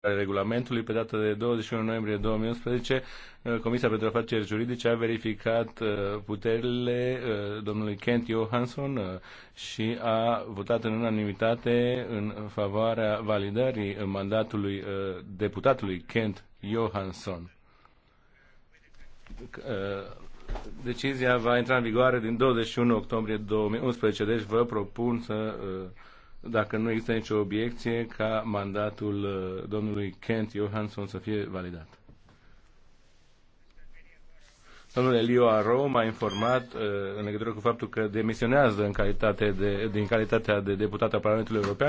regulamentului, pe data de 21 noiembrie 2011, uh, Comisia pentru Afaceri Juridice a verificat uh, puterile uh, domnului Kent Johansson și a votat în unanimitate în favoarea validării mandatului deputatului Kent Johansson. Deci, decizia va intra în vigoare din 21 octombrie 2011, deci vă propun să dacă nu există nicio obiecție, ca mandatul uh, domnului Kent Johansson să fie validat. Domnul Elio Aro m-a informat uh, în legătură cu faptul că demisionează în calitate de, din calitatea de deputat al Parlamentului European.